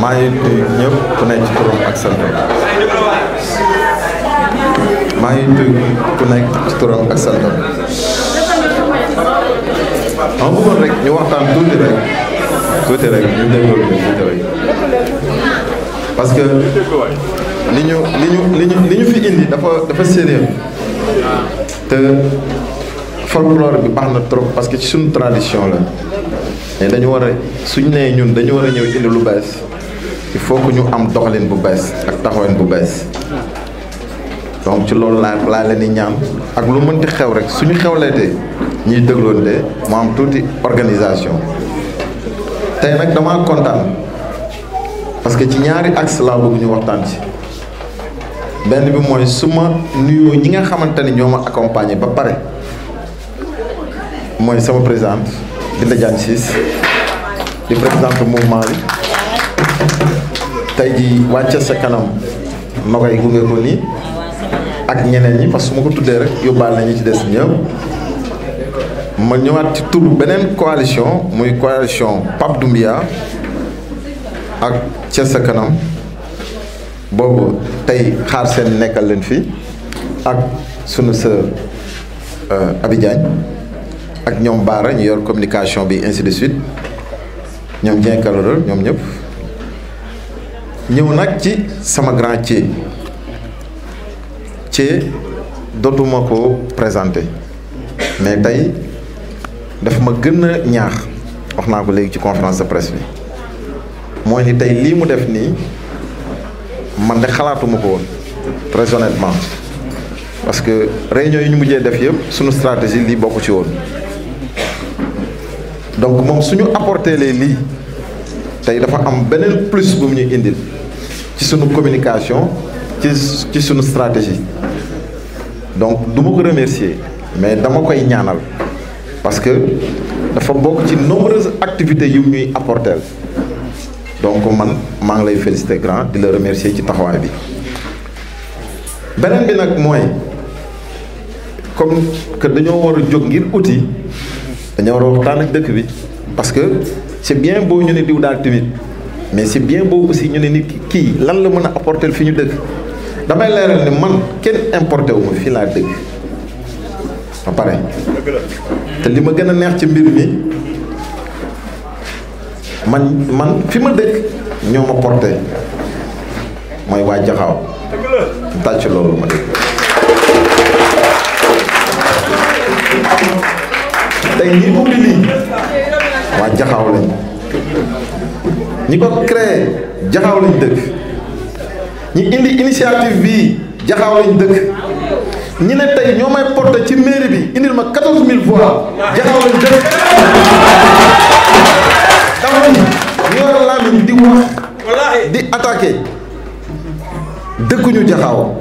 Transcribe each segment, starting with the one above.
maa ngi nuyu ñëpp ku nekk ci turam ak santam maa ngi nuyu ku ci turam ak santam ma bëggoon rek ñu waxtaan tuuti rek tuuti rek ñu dégloo ñu tuuti rek parce que li ñu li ñu li ñu li ñu fi indi dafa dafa sérieux te folklore bi baax na trop parce que ci suñu tradition la mais dañu war a suñ nee ñun dañu war a ñëw indi lu bees il faut que ñu am doxalin bu bees ak taxawin bu bees donc ci loolu laa laa leen di ñaan ak lu mënti xew rek suñu xewleetee ñuy dégloon de mu am tuuti organisation tey nag damaa kontaan parce que ci ñaari axe laa bëgg ñu waxtaan ci benn bi mooy su nuyoo ñi nga xamante ni ñoo ma accompagné ba pare mooy sama présidente Binta Diagne Ciss di présidente mouvement bi tey ji wàcce sa kanam ma koy gunge ko nii ak ñeneen ñi parce que su ma ko tuddee rek yóbbaale nañu ci des ñëpp ma ñëwaat ci tur beneen coalition muy coalition Pape Doumbia ak Thiès sa kanam boobu tey xaar seen nekkal leen fi ak sunu sœur euh, Abi ak ñom Baara ñu yor communication bi ainsi de suite ñom Dieng Kalorol ñom ñep ñew nak ci sama grand Thié Thié dootuma ko présenter mais tay daf ma gën ñaax wax naa ko léegi ci conférence de presse bi moy ni tay li mu def ni man de xalaatuma ko won très honnêtement parce que réunion yi ñu mujjee def yëpp sunu stratégie lii bokk ci woon donc moom suñu apporté les lii il dafa am beneen plus bu mu ñu indil ci suñu communication ci ci suñu stratégie donc du ma ko remercier mais dama koy ñaanal parce que dafa beaucoup ci nombreuses activités yu nous apporteel donc man maa ngi lay féliciter grand di la remercier ci taxawaay bi beneen bi nak moy comme que dañoo wara jog ngir outil dañoo war a ak dëkk bi parce que c' est bien beau ñu ne diw daal tamit mais c' est bien beau aussi ñu ne nit kii lan la mën a apporter fi ñu dëkk damay leeral ne man kenn importé wu ma fii laa dëkk ba pare te li ma gën a neex ci mbir mi man man fi ma dëkk ñoo ma porté mooy waa Jaxaaw tàcc loolu ma dëkk ñi ko créé jaxaaw lañ dëkk ñi indi initiative bii jaxaaw lañ dëkk ñi ne tey ñoo may porté ci mairie bi indil ma 14000 voix jaxaaw lañ dëkk dama ni ñi war a laamiñ di wax di attaqué dëkkuñu jaxaaw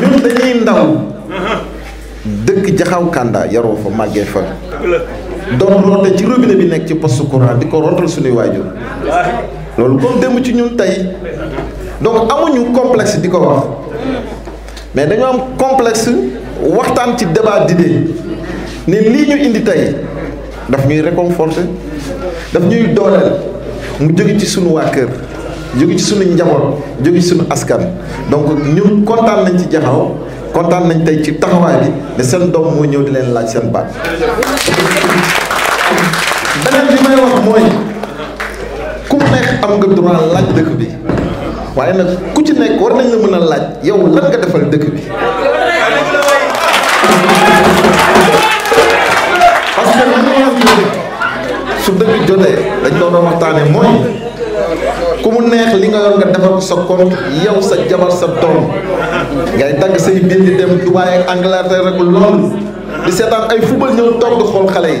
ñun dañuy ndaw dëkk jaxaw kànda yaroo fa màggee fa doon ronde ci robinet bi nekk ci poste courant di ko rontal suñuy waajur loolu comme dem ci ñun tey donc amuñu complexe di ko wax mais dañoo am complexe waxtaan ci débat d'idée ne lii ñu indi tey daf ñuy réconforter daf ñuy dooleel mu jóge ci sunu waa kër jóge ci sunu njaboot jóge ci sunu askan donc ñun kontaan nañ ci jaxaw kontaan nañ tey ci taxawaay bi ne seen doom moo ñëw di leen laaj seen baat beneen bi may wax mooy ku mu nekk am nga droit laaj dëkk bi waaye nag ku ci nekk war nañ la mën a laaj yow lan nga defal dëkk bi parce que li ñu wax su dëkk jotee dañ doon doon waxtaane mooy ku mu neex li nga yor nga defal ko sa compte yow sa jabar sa doom ngay dagg say biir di dem Dubaay ak Angleterre rek loolu di seetaan ay football ñëw toog di xool xale yi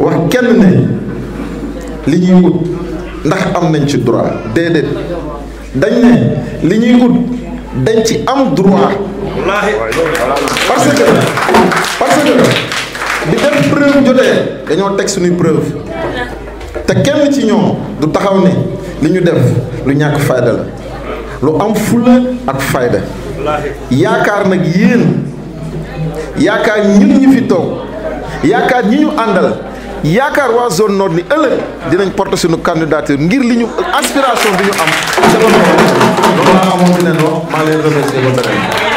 wax kenn ne li ñuy wut ndax am nañ ci droit déedéet dañ ne li ñuy wut dañ ci am droit parce que parce que bi def preuve jotee dañoo teg suñuy preuve te kenn ci ñoom du taxaw ne li ñu def lu ñàkk fayda la lu am fula ak fayda yaakaar nag yéen yaakaar ñun ñu fi toog yaakaar ñi ñu àndal yaakaar waa zone nord ni ëllëg dinañ porter suñu candidature ngir li ñu aspiration bi ñu am. c' est bon loolu laa wax maa leen remercier ba beneen